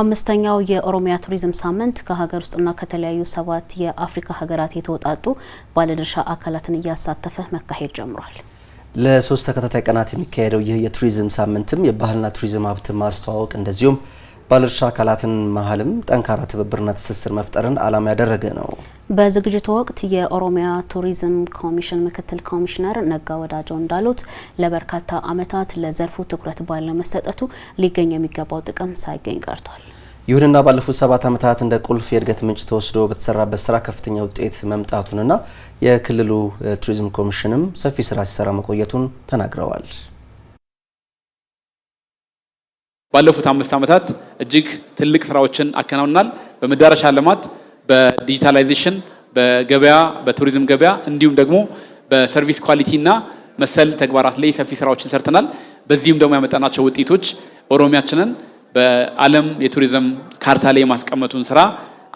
አምስተኛው የኦሮሚያ ቱሪዝም ሳምንት ከሀገር ውስጥና ከተለያዩ ሰባት የአፍሪካ ሀገራት የተውጣጡ ባለድርሻ አካላትን እያሳተፈ መካሄድ ጀምሯል። ለሶስት ተከታታይ ቀናት የሚካሄደው ይህ የቱሪዝም ሳምንትም የባህልና ቱሪዝም ሀብት ማስተዋወቅ እንደዚሁም ባለድርሻ አካላትን መሀልም ጠንካራ ትብብርና ትስስር መፍጠርን ዓላማ ያደረገ ነው። በዝግጅቱ ወቅት የኦሮሚያ ቱሪዝም ኮሚሽን ምክትል ኮሚሽነር ነጋ ወዳጆ እንዳሉት ለበርካታ ዓመታት ለዘርፉ ትኩረት ባለመሰጠቱ ሊገኝ የሚገባው ጥቅም ሳይገኝ ቀርቷል። ይሁንና ባለፉት ሰባት ዓመታት እንደ ቁልፍ የእድገት ምንጭ ተወስዶ በተሰራበት ስራ ከፍተኛ ውጤት መምጣቱንና የክልሉ ቱሪዝም ኮሚሽንም ሰፊ ስራ ሲሰራ መቆየቱን ተናግረዋል። ባለፉት አምስት ዓመታት እጅግ ትልቅ ስራዎችን አከናውናል። በመዳረሻ ልማት በዲጂታላይዜሽን በገበያ በቱሪዝም ገበያ እንዲሁም ደግሞ በሰርቪስ እና መሰል ተግባራት ላይ ሰፊ ስራዎችን ሰርተናል። በዚህም ደግሞ ያመጣናቸው ውጤቶች ኦሮሚያችንን በዓለም የቱሪዝም ካርታ ላይ የማስቀመጡን ስራ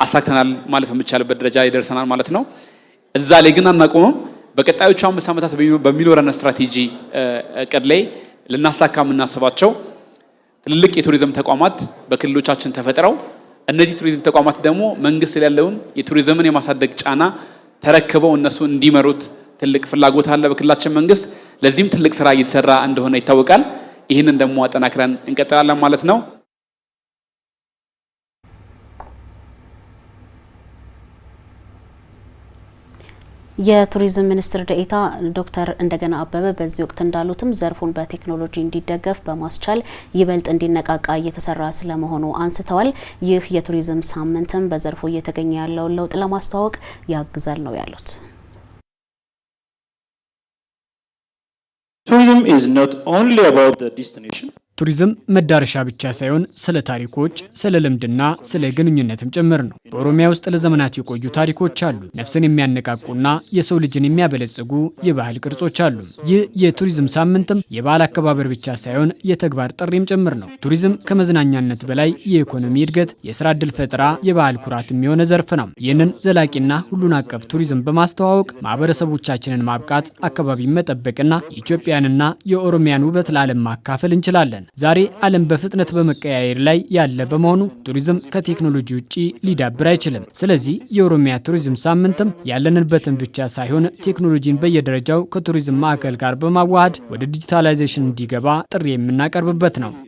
አሳክተናል ማለት በሚቻልበት ደረጃ ይደርሰናል ማለት ነው። እዛ ላይ ግን አናቆምም። በቀጣዮቹ አምስት ዓመታት በሚኖረን ስትራቴጂ እቅድ ላይ ልናሳካ የምናስባቸው ትልልቅ የቱሪዝም ተቋማት በክልሎቻችን ተፈጥረው እነዚህ ቱሪዝም ተቋማት ደግሞ መንግስት ላይ ያለውን የቱሪዝምን የማሳደግ ጫና ተረክበው እነሱ እንዲመሩት ትልቅ ፍላጎት አለ በክልላችን መንግስት። ለዚህም ትልቅ ስራ እየሰራ እንደሆነ ይታወቃል። ይህንን ደግሞ አጠናክረን እንቀጥላለን ማለት ነው። የቱሪዝም ሚኒስትር ደኤታ ዶክተር እንደገና አበበ በዚህ ወቅት እንዳሉትም ዘርፉን በቴክኖሎጂ እንዲደገፍ በማስቻል ይበልጥ እንዲነቃቃ እየተሰራ ስለመሆኑ አንስተዋል። ይህ የቱሪዝም ሳምንትም በዘርፉ እየተገኘ ያለውን ለውጥ ለማስተዋወቅ ያግዛል ነው ያሉት። ቱሪዝም ኢዝ ኖት ኦንሊ አባውት ዘ ዲስቲኔሽን ቱሪዝም መዳረሻ ብቻ ሳይሆን ስለ ታሪኮች፣ ስለ ልምድና ስለ ግንኙነትም ጭምር ነው። በኦሮሚያ ውስጥ ለዘመናት የቆዩ ታሪኮች አሉ። ነፍስን የሚያነቃቁና የሰው ልጅን የሚያበለጽጉ የባህል ቅርጾች አሉ። ይህ የቱሪዝም ሳምንትም የበዓል አከባበር ብቻ ሳይሆን የተግባር ጥሪም ጭምር ነው። ቱሪዝም ከመዝናኛነት በላይ የኢኮኖሚ እድገት፣ የስራ እድል ፈጠራ፣ የባህል ኩራት የሚሆነ ዘርፍ ነው። ይህንን ዘላቂና ሁሉን አቀፍ ቱሪዝም በማስተዋወቅ ማህበረሰቦቻችንን ማብቃት፣ አካባቢን መጠበቅና ኢትዮጵያንና የኦሮሚያን ውበት ለዓለም ማካፈል እንችላለን። ዛሬ ዓለም በፍጥነት በመቀያየር ላይ ያለ በመሆኑ ቱሪዝም ከቴክኖሎጂ ውጭ ሊዳብር አይችልም። ስለዚህ የኦሮሚያ ቱሪዝም ሳምንትም ያለንበትን ብቻ ሳይሆን ቴክኖሎጂን በየደረጃው ከቱሪዝም ማዕከል ጋር በማዋሃድ ወደ ዲጂታላይዜሽን እንዲገባ ጥሪ የምናቀርብበት ነው።